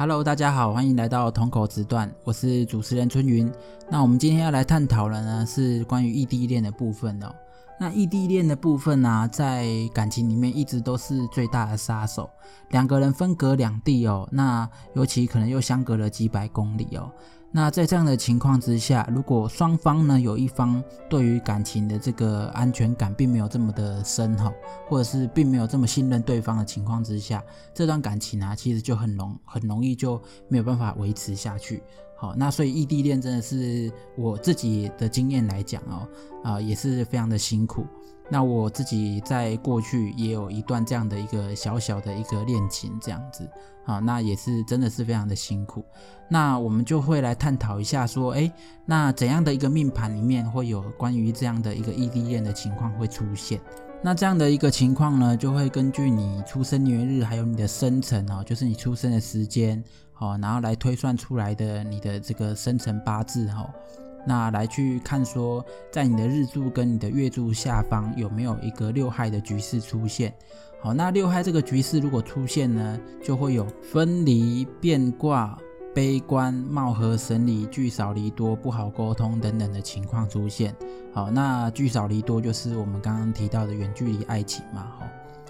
Hello，大家好，歡迎來到同口直斷。我是主持人春雲。那我們今天要來探討的呢，是關於異地戀的部分哦。那異地戀的部分呢、啊，在感情裡面一直都是最大的殺手。兩個人分隔兩地哦，那尤其可能又相隔了幾百公里哦。那在這樣的情況之下，如果雙方呢，有一方對於感情的這個安全感並沒有這麼的深哦，或者是並沒有這麼信任對方的情況之下，這段感情啊其實就很容很容易就沒有辦法維持下去。好，那所以異地戀真的是我自己的經驗來講哦，啊也是非常的辛苦。那我自己在過去也有一段這樣的一個小小的一個戀情，這樣子，好，那也是真的是非常的辛苦。那我們就會來探討一下，說，誒、欸，那怎樣的一個命盤裡面會有關於這樣的一個異地戀的情況會出現？那這樣的一個情況呢，就會根據你出生年月日，還有你的生辰哦，就是你出生的時間哦，然後來推算出來的你的這個生辰八字哈。那來去看，說在你的日柱跟你的月柱下方有沒有一個六害的局勢出現？好，那六害這個局勢如果出現呢，就會有分離、變卦、悲觀、貌合神離、聚少離多、不好溝通等等的情況出現。好，那聚少離多就是我們剛剛提到的遠距離愛情嘛，吼，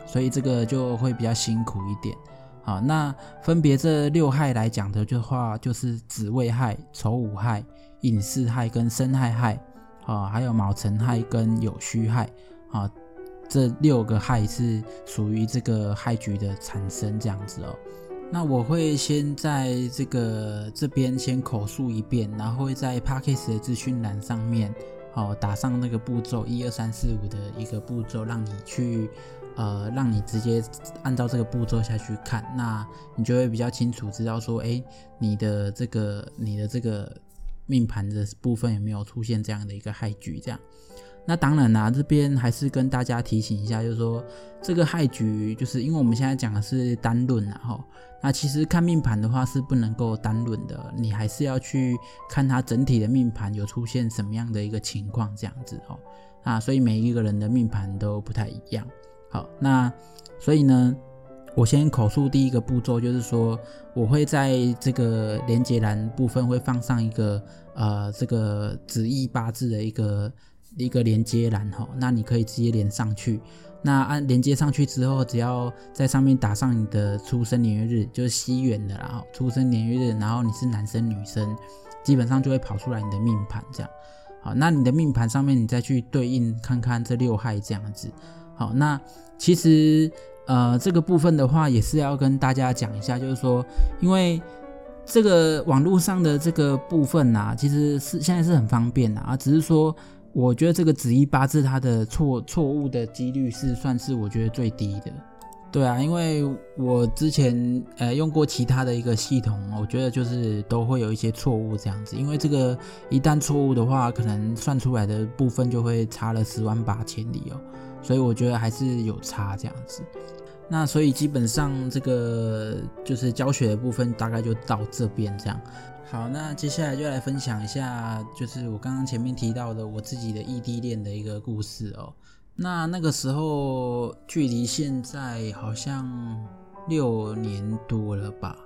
所以這個就會比較辛苦一點。好，那分別這六害來講的話，就是子未害、丑午害。寅巳害跟申亥害，啊，還有卯辰害跟酉戌害，啊，這六個害是屬於這個害局的產生這樣子哦。那我會先在這個這邊先口述一遍，然後會在 Podcast 的資訊欄上面，哦、啊，打上那個步驟一二三四五的一個步驟，讓你去呃，讓你直接按照這個步驟下去看，那你就會比較清楚知道說，哎，你的這個你的這個，命盤的部分有沒有出現這樣的一個害局？這樣，那當然啦，啊，這邊還是跟大家提醒一下，就是說這個害局，就是因為我們現在講的是單論吶，吼，那其實看命盤的話是不能夠單論的，你還是要去看它整體的命盤有出現什麼樣的一個情況這樣子哦。啊，所以每一個人的命盤都不太一樣。好，那所以呢？我先口述第一個步驟，就是說我會在這個連接欄部分會放上一個呃，這個子易八字的一個一個連接欄哈。那你可以直接連上去。那按連接上去之後，只要在上面打上你的出生年月日，就是西元的啦。出生年月日，然後你是男生女生，基本上就會跑出來你的命盤這樣。好，那你的命盤上面你再去對應看看這六害這樣子。好，那其實。呃，這個部分的話也是要跟大家講一下，就是說，因為這個網絡上的這個部分吶、啊，其實是現在是很方便吶啊，只是說，我覺得這個子易八字它的錯錯誤的幾率是算是我覺得最低的，對啊，因為我之前呃用過其他的一個系統，我覺得就是都會有一些錯誤這樣子，因為這個一旦錯誤的話，可能算出來的部分就會差了十萬八千里哦，所以我覺得還是有差這樣子。那所以基本上這個就是教學的部分，大概就到這邊這樣。好，那接下來就來分享一下，就是我剛剛前面提到的我自己的異地戀的一個故事哦。那那個時候距離現在好像六年多了吧，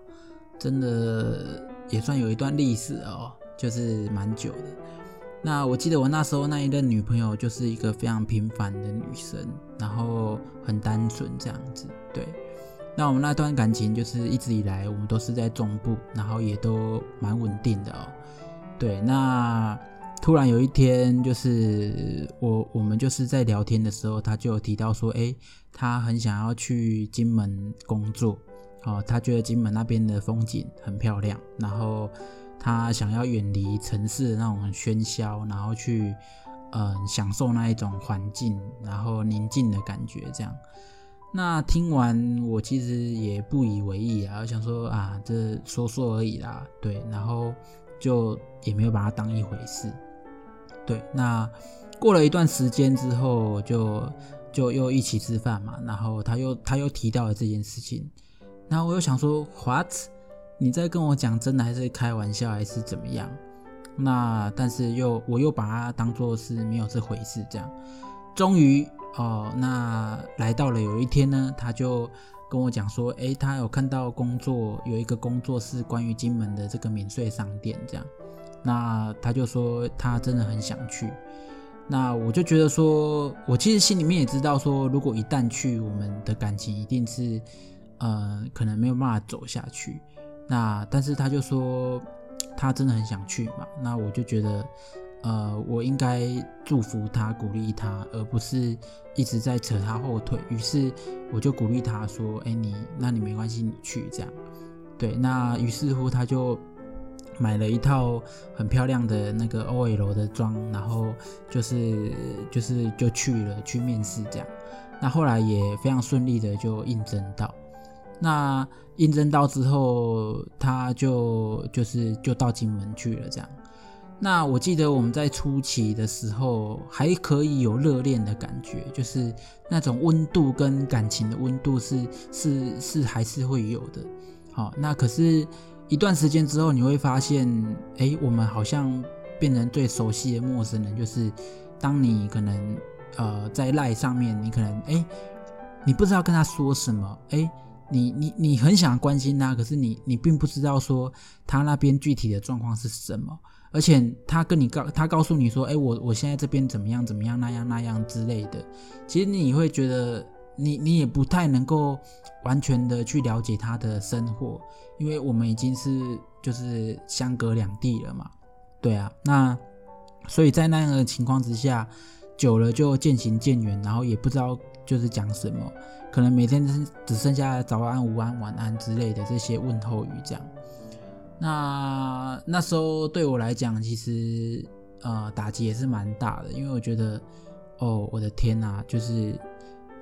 真的也算有一段歷史哦，就是蠻久的。那我記得我那時候那一任女朋友就是一個非常平凡的女生，然後很單純這樣子，對。那我們那段感情就是一直以來我們都是在中部，然後也都蠻穩定的哦。對，那突然有一天就是我我們就是在聊天的時候，她就有提到說，誒、欸，她很想要去金門工作，哦，她覺得金門那邊的風景很漂亮，然後。他想要遠離城市的那種喧囂，然後去，嗯，享受那一種環境，然後寧靜的感覺，這樣。那聽完我其實也不以為意啊，我想說啊，這說說而已啦，對，然後就也沒有把它當一回事，對。那過了一段時間之後，就就又一起吃飯嘛，然後他又他又提到了這件事情，然後我又想說 what？你在跟我講真的還是開玩笑還是怎麼樣？那但是又我又把它當做是沒有這回事這樣。終於哦、呃，那來到了有一天呢，他就跟我講說，誒，他有看到工作有一個工作是關於金門的這個免稅商店這樣。那他就說他真的很想去。那我就覺得說，我其實心裡面也知道說，如果一旦去，我們的感情一定是呃，可能沒有辦法走下去。那但是他就說他真的很想去嘛，那我就覺得，呃，我應該祝福他、鼓勵他，而不是一直在扯他後腿。於是我就鼓勵他說：“哎、欸，你那你沒關係，你去這樣。”對。那於是乎他就買了一套很漂亮的那個 OL 的裝，然後就是就是就去了去面試這樣。那後來也非常順利的就應徵到。那應徵到之後，他就就是就到金門去了，這樣。那我記得我們在初期的時候還可以有熱戀的感覺，就是那種溫度跟感情的溫度是是是還是會有的。好，那可是一段時間之後，你會發現，哎、欸，我們好像變成最熟悉的陌生人。就是當你可能呃在賴上面，你可能哎、欸，你不知道跟他說什麼，哎、欸。你你你很想關心他、啊，可是你你並不知道說他那邊具體的狀況是什麼，而且他跟你告他告訴你說，哎、欸，我我現在這邊怎麼樣怎麼樣那樣那樣之類的，其實你會覺得你你也不太能夠完全的去了解他的生活，因為我們已經是就是相隔兩地了嘛。對啊，那所以在那樣的情況之下，久了就漸行漸遠，然後也不知道。就是講什麼，可能每天只剩下早安、午安、晚安之類的這些問候語，這樣。那那時候對我來講，其實呃打擊也是蠻大的，因為我覺得，哦，我的天哪，就是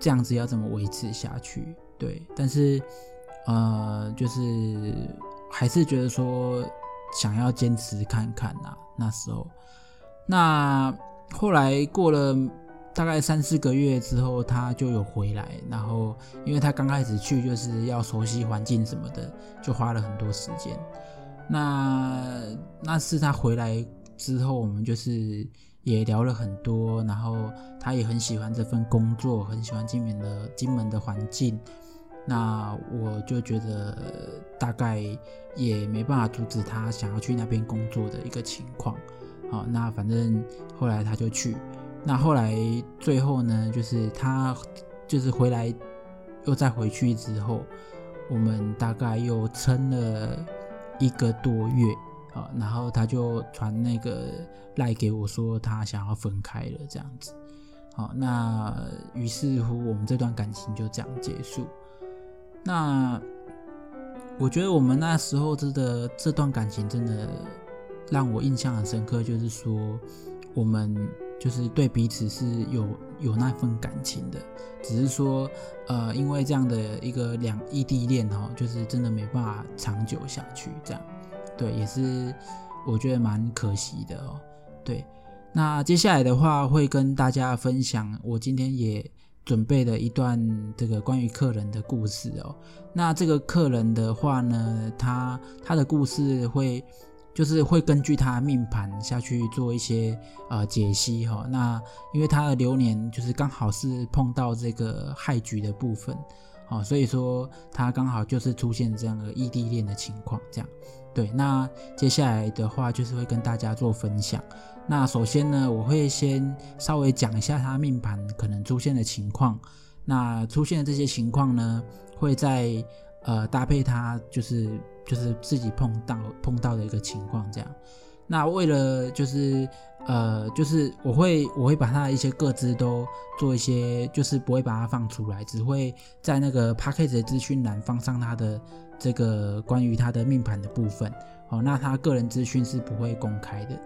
這樣子要怎麼維持下去？對，但是呃，就是還是覺得說想要堅持看看吶。那時候，那後來過了。大概三四個月之後，他就有回來。然後，因為他剛開始去就是要熟悉環境什麼的，就花了很多時間。那那次他回來之後，我們就是也聊了很多。然後他也很喜歡這份工作，很喜歡今年的金門的環境。那我就覺得大概也沒辦法阻止他想要去那邊工作的一個情況。好，那反正後來他就去。那後來最後呢，就是他就是回來又再回去之後，我們大概又撐了一個多月啊，然後他就傳那個賴給我說他想要分開了，這樣子。好，那於是乎我們這段感情就這樣結束。那我覺得我們那時候真的這段感情真的讓我印象很深刻，就是說我們。就是對彼此是有有那份感情的，只是說，呃，因為這樣的一個兩異地戀哦，就是真的沒辦法長久下去，這樣，對，也是我覺得蠻可惜的哦。對，那接下來的話會跟大家分享，我今天也準備了一段這個關於客人的故事哦。那這個客人的話呢，他他的故事會。就是會根據他命盤下去做一些呃解析哈、哦，那因為他的流年就是剛好是碰到這個害局的部分，哦，所以說他剛好就是出現這樣的異地戀的情況，這樣對。那接下來的話就是會跟大家做分享，那首先呢，我會先稍微講一下他命盤可能出現的情況，那出現的這些情況呢，會在。呃，搭配他就是就是自己碰到碰到的一個情況這樣。那為了就是呃就是我會我會把他的一些個資都做一些，就是不會把他放出來，只會在那個 podcast 的資訊欄放上他的這個關於他的命盤的部分。好、哦，那他個人資訊是不會公開的。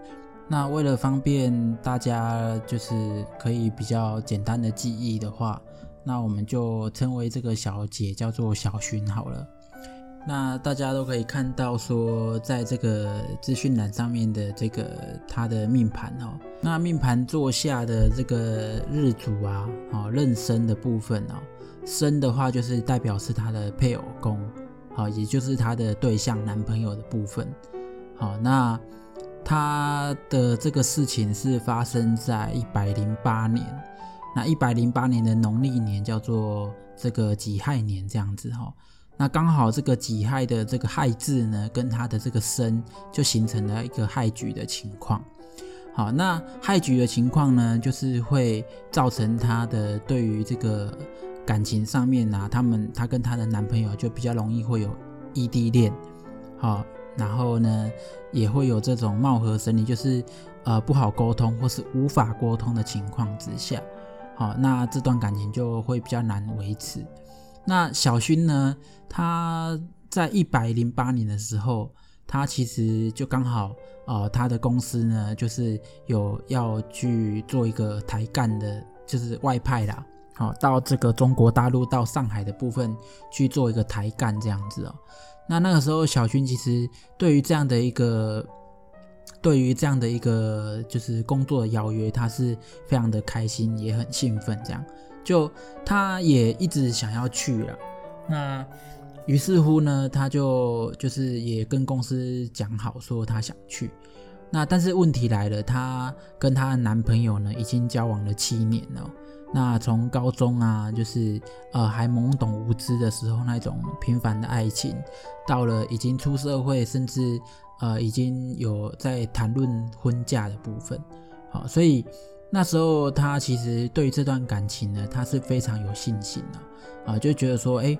那為了方便大家，就是可以比較簡單的記憶的話。那我們就稱為這個小姐叫做小薰好了。那大家都可以看到說，在這個資訊欄上面的這個她的命盤哦，那命盤座下的這個日主啊，哦，認生的部分哦，生的話就是代表是她的配偶宮，好、哦，也就是她的對象男朋友的部分。好、哦，那她的這個事情是發生在一百零八年。那一百零八年的農曆年叫做這個己亥年，這樣子哈、哦。那剛好這個己亥的這個亥字呢，跟他的這個申就形成了一個害局的情況。好，那害局的情況呢，就是會造成他的對於這個感情上面啊，他們他跟他的男朋友就比較容易會有異地戀，好，然後呢也會有這種貌合神離，就是呃不好溝通或是無法溝通的情況之下。好，那這段感情就會比較難維持。那小薰呢？他在一百零八年的時候，他其實就剛好，呃，他的公司呢，就是有要去做一個台幹的，就是外派啦。好，到這個中國大陸到上海的部分去做一個台幹這樣子哦。那那個時候，小薰其實對於這樣的一個。對於這樣的一個就是工作的邀約，他是非常的開心，也很興奮。這樣，就他也一直想要去了。那於是乎呢，他就就是也跟公司講好，說他想去。那但是問題來了，她跟她男朋友呢，已經交往了七年了。那從高中啊，就是呃還懵懂無知的時候那種平凡的愛情，到了已經出社會，甚至呃已經有在談論婚嫁的部分。好、啊，所以那時候她其實對這段感情呢，她是非常有信心的啊，啊，就覺得說，哎、欸，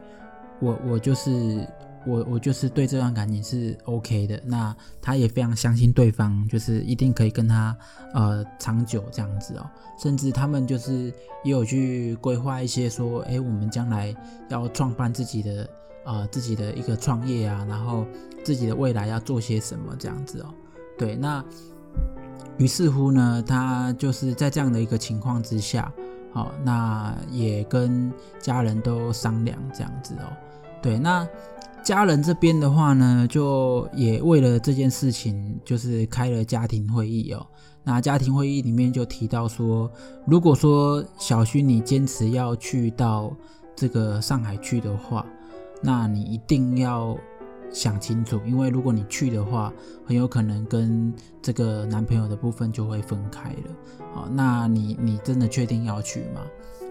我我就是。我我就是對這段感情是 OK 的，那他也非常相信對方，就是一定可以跟他呃長久這樣子哦，甚至他們就是也有去規劃一些說，誒，我們將來要創辦自己的呃，自己的一個創業啊，然後自己的未來要做些什麼這樣子哦，對，那於是乎呢，他就是在這樣的一個情況之下，好、哦，那也跟家人都商量這樣子哦，對，那。家人這邊的話呢，就也為了這件事情，就是開了家庭會議哦。那家庭會議裡面就提到說，如果說小薰你堅持要去到這個上海去的話，那你一定要想清楚，因為如果你去的話，很有可能跟這個男朋友的部分就會分開了。好，那你你真的確定要去嗎？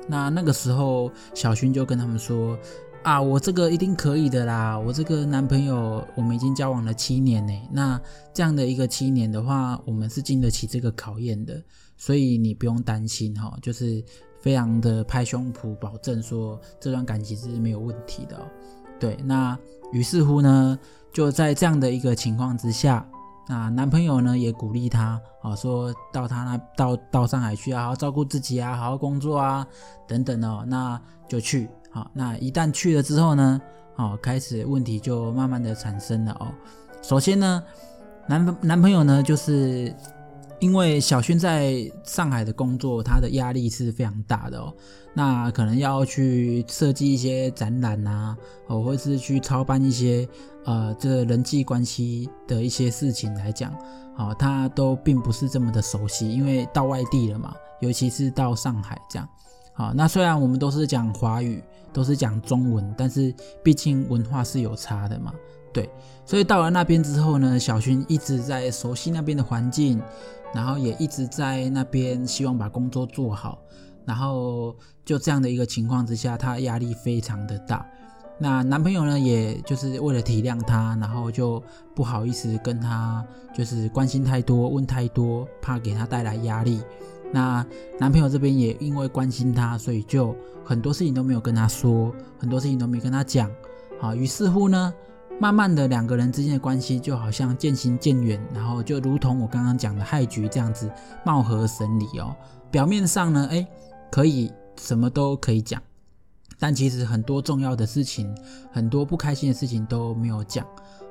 那那個時候，小薰就跟他們說。啊，我這個一定可以的啦！我這個男朋友，我們已經交往了七年呢。那這樣的一個七年的話，我們是經得起這個考驗的，所以你不用擔心哈，哦，就是非常的拍胸脯保證說這段感情是沒有問題的哦。對，那於是乎呢，就在這樣的一個情況之下，啊，男朋友呢也鼓勵她啊，說到她那到到上海去啊，好好照顧自己啊，好好工作啊，等等哦，那就去。好，那一旦去了之後呢？好、哦，開始問題就慢慢的產生了哦。首先呢，男朋男朋友呢，就是因為小薰在上海的工作，他的壓力是非常大的哦。那可能要去設計一些展覽啊，哦，或是去操辦一些呃，這人際關係的一些事情來講，好、哦，他都並不是這麼的熟悉，因為到外地了嘛，尤其是到上海這樣。好，那雖然我們都是講華語，都是講中文，但是畢竟文化是有差的嘛，對。所以到了那邊之後呢，小薰一直在熟悉那邊的環境，然後也一直在那邊希望把工作做好。然後就這樣的一個情況之下，她壓力非常的大。那男朋友呢，也就是為了體諒她，然後就不好意思跟她就是關心太多，問太多，怕給她帶來壓力。那男朋友這邊也因為關心她，所以就很多事情都沒有跟她說，很多事情都沒跟她講。好、啊，於是乎呢，慢慢的兩個人之間的關係就好像漸行漸遠，然後就如同我剛剛講的害局這樣子，貌合神離哦。表面上呢，欸、可以什麼都可以講，但其實很多重要的事情，很多不開心的事情都沒有講。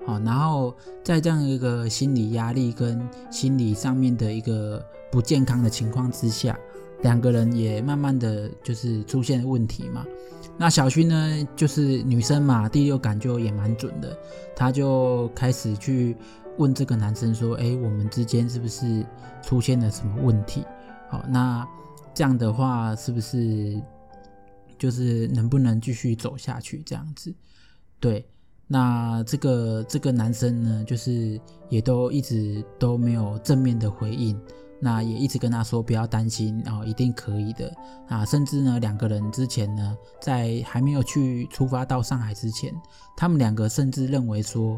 好，然後在這樣一個心理壓力跟心理上面的一個不健康的情況之下，兩個人也慢慢的就是出現問題嘛。那小薰呢，就是女生嘛，第六感就也蠻準的，她就開始去問這個男生說：“哎，我們之間是不是出現了什麼問題？好，那這樣的話是不是就是能不能繼續走下去？這樣子，對。”那這個這個男生呢，就是也都一直都沒有正面的回應，那也一直跟他說不要擔心，哦，一定可以的，啊，甚至呢兩個人之前呢，在還沒有去出發到上海之前，他們兩個甚至認為說，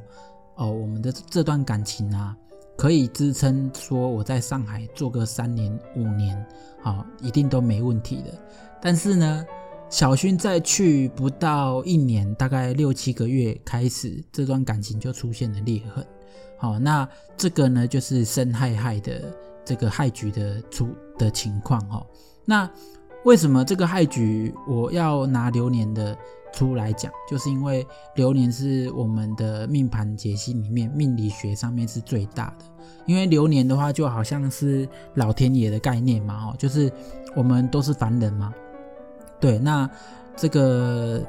哦，我們的這段感情啊，可以支撐說我在上海做個三年五年，好，哦，一定都沒問題的，但是呢。小薰再去不到一年，大概六七個月開始，這段感情就出現了裂痕。好、哦，那這個呢，就是申亥害的這個害局的出的情況。哦。那為什麼這個害局我要拿流年的出來講？就是因為流年是我們的命盤解析裡面命理學上面是最大的。因為流年的話，就好像是老天爺的概念嘛。哦，就是我們都是凡人嘛。對，那這個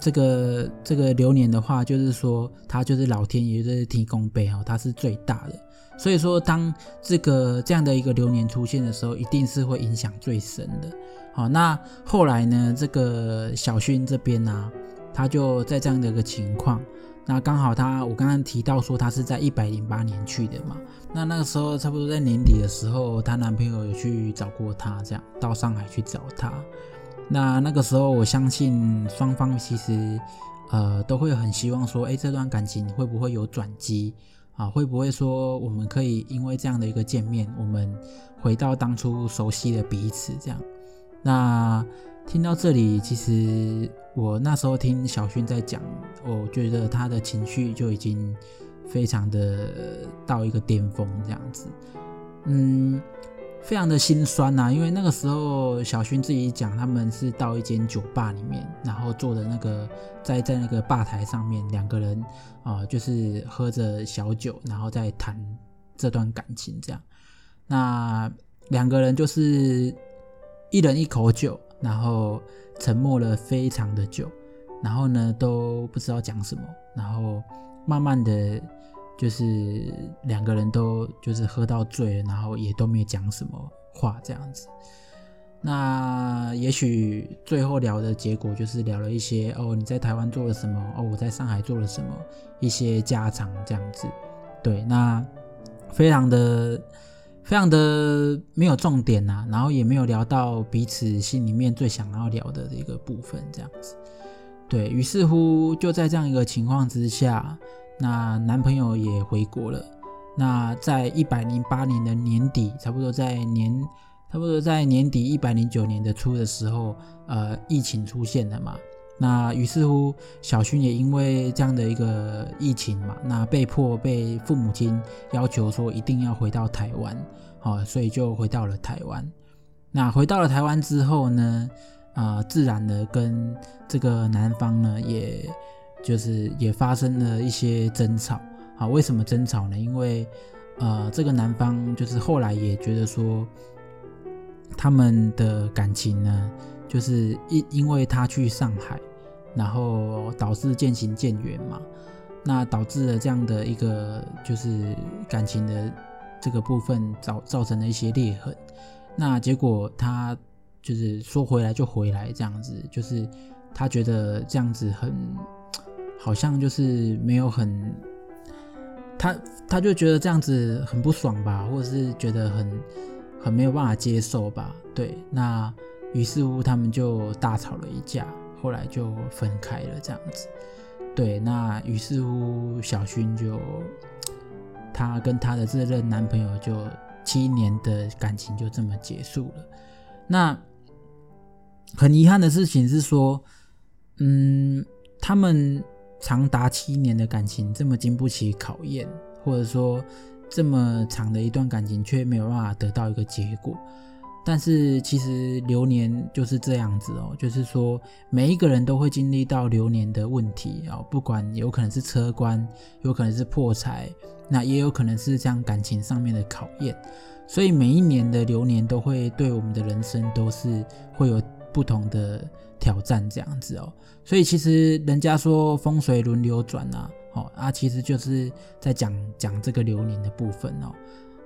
這個這個流年的話，就是說它就是老天爺，就是天公伯哈，它是最大的，所以說當這個這樣的一個流年出現的時候，一定是會影響最深的。好，那後來呢，這個小薰這邊啊，他就在這樣的一個情況，那剛好他，我剛剛提到說他是在一百零八年去的嘛，那那個時候差不多在年底的時候，她男朋友有去找過她，這樣到上海去找她。那那個時候，我相信雙方其實，呃，都會很希望說，哎、欸，這段感情會不會有轉機啊？會不會說我們可以因為這樣的一個見面，我們回到當初熟悉的彼此這樣？那聽到這裡，其實我那時候聽小薰在講，我覺得他的情緒就已經非常的到一個巔峰這樣子，嗯。非常的心酸吶、啊，因為那個時候小薰自己講，他們是到一間酒吧裡面，然後坐的那個在在那個吧台上面，兩個人啊、呃、就是喝着小酒，然後在談這段感情這樣。那兩個人就是一人一口酒，然後沉默了非常的久，然後呢都不知道講什麼，然後慢慢的。就是兩個人都就是喝到醉了，然後也都沒講什麼話這樣子。那也許最後聊的結果就是聊了一些哦，你在台灣做了什麼？哦，我在上海做了什麼？一些家常這樣子。對，那非常的非常的沒有重點啊，然後也沒有聊到彼此心裡面最想要聊的一個部分這樣子。對，於是乎就在這樣一個情況之下。那男朋友也回國了。那在一百零八年的年底，差不多在年，差不多在年底一百零九年的初的時候，呃，疫情出現了嘛。那於是乎，小薰也因為這樣的一個疫情嘛，那被迫被父母親要求說一定要回到台灣，哦，所以就回到了台灣。那回到了台灣之後呢，啊、呃，自然的跟這個男方呢也。就是也發生了一些爭吵，好，為什麼爭吵呢？因為，呃，這個男方就是後來也覺得說，他們的感情呢，就是因因為他去上海，然後導致漸行漸遠嘛，那導致了這樣的一個就是感情的這個部分造造成了一些裂痕，那結果他就是說回來就回來這樣子，就是他覺得這樣子很。好像就是沒有很，他他就覺得這樣子很不爽吧，或者是覺得很很沒有辦法接受吧。對，那於是乎他們就大吵了一架，後來就分開了這樣子。對，那於是乎小薰就她跟她的這任男朋友就七年的感情就這麼結束了。那很遺憾的事情是說，嗯，他們。長達七年的感情這麼經不起考驗，或者說這麼長的一段感情卻沒有辦法得到一個結果，但是其實流年就是這樣子哦，就是說每一個人都會經歷到流年的問題哦，不管有可能是車關，有可能是破財，那也有可能是這樣感情上面的考驗，所以每一年的流年都會對我們的人生都是會有不同的。挑戰這樣子哦，所以其實人家說風水輪流轉啊，哦，啊，其實就是在講講這個流年的部分哦。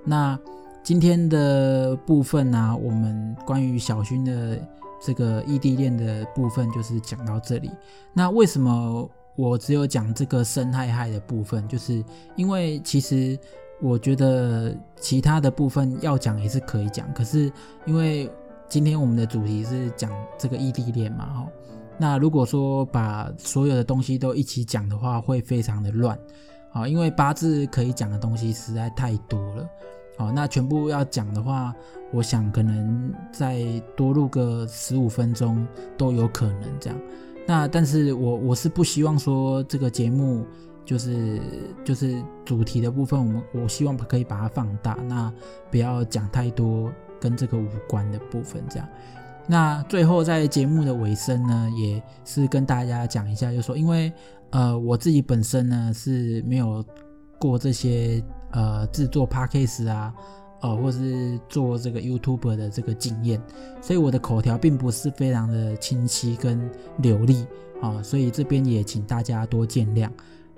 那今天的部分呢，啊，我們關於小薰的這個異地戀的部分就是講到這裡。那為什麼我只有講這個申亥害，害的部分？就是因為其實我覺得其他的部分要講也是可以講，可是因為。今天我們的主題是講這個異地戀嘛，哦，那如果說把所有的東西都一起講的話，會非常的亂，啊，因為八字可以講的東西實在太多了，啊，那全部要講的話，我想可能再多錄個十五分鐘都有可能這樣。那但是我我是不希望說這個節目就是就是主題的部分，我們我希望可以把它放大，那不要講太多。跟這個無關的部分，這樣。那最後在節目的尾聲呢，也是跟大家講一下就是，就說因為呃我自己本身呢是沒有過這些呃製作 podcast 啊，呃或是做這個 YouTube 的這個經驗，所以我的口條並不是非常的清晰跟流利啊，所以這邊也請大家多見諒。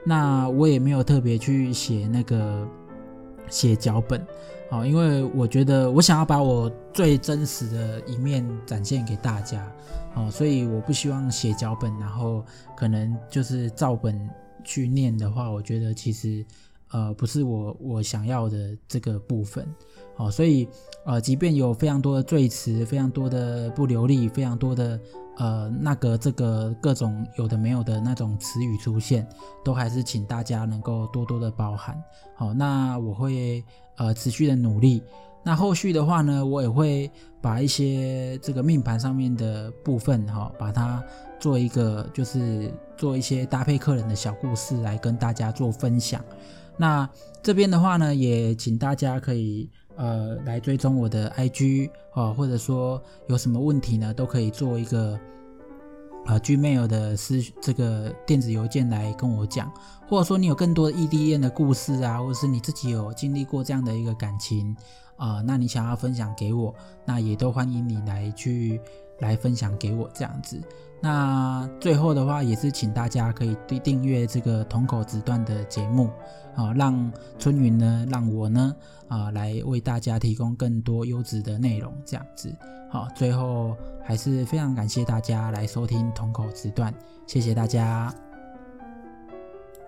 那我也沒有特別去寫那個寫腳本。哦，因為我覺得我想要把我最真實的一面展現給大家，哦，所以我不希望寫腳本，然後可能就是照本去念的話，我覺得其實呃不是我我想要的這個部分，哦，所以呃即便有非常多的贅詞，非常多的不流利，非常多的。呃，那個這個各種有的沒有的那種詞語出現，都還是請大家能夠多多的包涵。好、哦，那我會呃持續的努力。那後續的話呢，我也會把一些這個命盤上面的部分哈、哦，把它做一個就是做一些搭配客人的小故事來跟大家做分享。那這邊的話呢，也請大家可以呃來追蹤我的 IG 哦、呃，或者說有什麼問題呢，都可以做一個啊、呃、Gmail 的私這個電子郵件來跟我講，或者說你有更多的異地戀的故事啊，或者是你自己有經歷過這樣的一個感情啊、呃，那你想要分享給我，那也都歡迎你來去來分享給我這樣子。那最後的話，也是請大家可以訂訂閱這個同口子段的節目，啊，讓春雲呢，讓我呢，啊，來為大家提供更多優質的內容，這樣子。好，最後還是非常感謝大家來收聽同口子段，謝謝大家。